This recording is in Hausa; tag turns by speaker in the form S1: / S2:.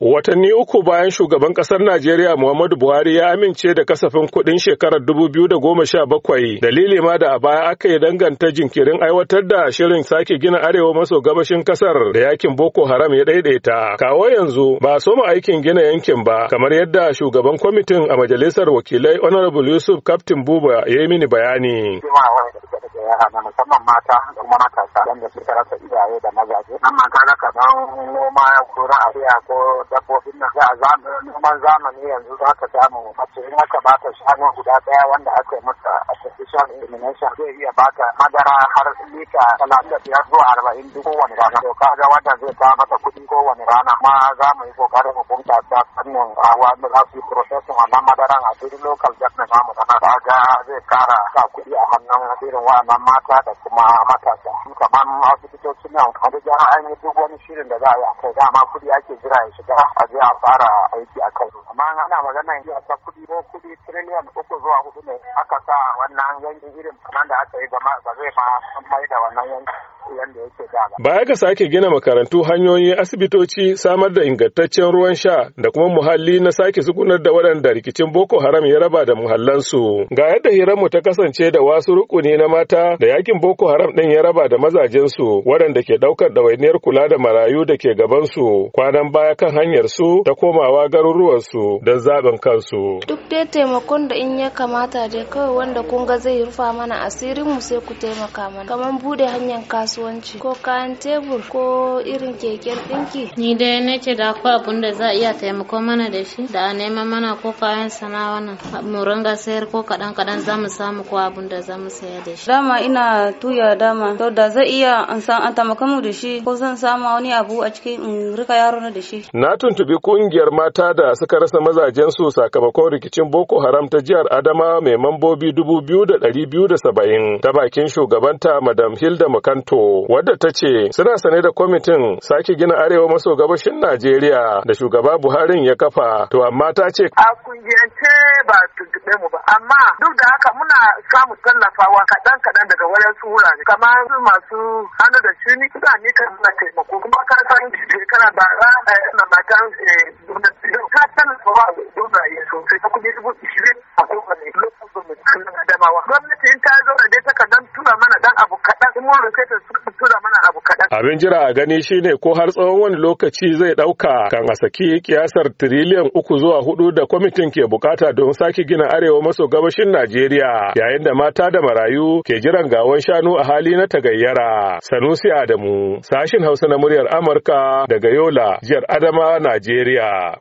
S1: Watanni uku bayan shugaban ƙasar Najeriya Muhammadu Buhari ya amince da kasafin kuɗin shekarar 2017 dalili ma da a baya aka yi danganta jinkirin aiwatar da shirin sake gina arewa maso gabashin ƙasar da yakin Boko Haram ya ɗaiɗaita. Kawo yanzu ba a soma aikin gina yankin ba kamar yadda shugaban kwamitin a majalisar wakilai Honorable Yusuf Captain Buba ya yi mini bayani.
S2: haka wanda suka rasa iyaye da mazaje amma kaga kaman noma ko ra'ayi ko dabbobin nan za a noman zamani yanzu za ka samu mace in aka ta shanu guda daya wanda aka yi masa artificial insemination zai iya ba bata madara har lita talatin biyar zuwa arba'in duk kowane rana to kaga wannan zai ta mata kuɗi kowane rana ma za mu yi kokarin mu bunƙasa fannin rawa da za su yi processing wannan madaran a cikin local government namu na kaga zai kara sa kuɗi a hannun irin wa'annan mata da kuma matasa. kaman asibitocin nan a da gyara ainihin duk wani shirin da za a yi a kai dama kuɗi ake jira ya shiga a je a fara aiki a kai amma ana magana yanzu a kudi ko kudi tiriliyan uku zuwa hudu ne aka sa wannan yankin irin nan da aka yi ba zai ma mai da wannan yankin
S1: Baya ga sake gina makarantu hanyoyi asibitoci samar da ingantaccen ruwan sha da kuma muhalli na sake sukunar da waɗanda rikicin Boko Haram ya raba da muhallansu. Ga yadda hiranmu ta kasance da wasu rukuni na mata da yakin Boko Haram ɗin ya raba da maza gidajensu waɗanda ke ɗaukar ɗawainiyar kula da marayu da ke gabansu kwanan baya kan hanyar su ta komawa garuruwansu don zaɓin kansu. Duk
S2: dai taimakon da in ya kamata dai kawai wanda kun ga zai rufa mana asirin mu sai ku taimaka mana kamar bude hanyar kasuwanci ko kayan tebur ko irin keken ɗinki. Ni dai nake da akwai abun da za a iya taimako mana da shi da a nema mana ko kayan sana'a nan mu ringa sayar ko kaɗan kaɗan za mu samu ko abun da za mu saya da shi. Dama ina tuya dama to da zai iya an san an mu da shi ko zan samu wani abu a cikin in rika yaro na da shi
S1: na tuntubi kungiyar mata da suka rasa mazajen su sakamakon rikicin Boko Haram ta jihar Adama mai mambobi dubu biyu da ɗari biyu da saba'in ta shugabanta Madam Hilda Makanto wadda ta ce suna sane da kwamitin sake gina arewa maso gabashin Najeriya da shugaba Buharin ya kafa to amma ta ce a
S2: kungiyance ba tuntube mu ba amma duk da haka muna samun tallafawa kaɗan kaɗan daga wajen su wurare kamar masu su hannu da shi ni kuka ni kan na taimako kuma ka san shekara ba za a yi na matan eh, don ka san ba don rayu sosai ta kuma dubu ishirin a kowane lokacin mutum na adamawa gwamnati ta kuma tura mana abu kaɗan.
S1: Abin jira a gani shine ko har tsawon wani lokaci zai ɗauka kan a saki kiyasar tiriliyan uku zuwa hudu da kwamitin ke bukata don sake gina arewa maso gabashin Najeriya yayin da mata da marayu ke jiran gawan shanu a hali na tagayyara. Sanusi Adamu, sashin Hausa na muryar Amurka daga Yola, jihar Adama, Najeriya.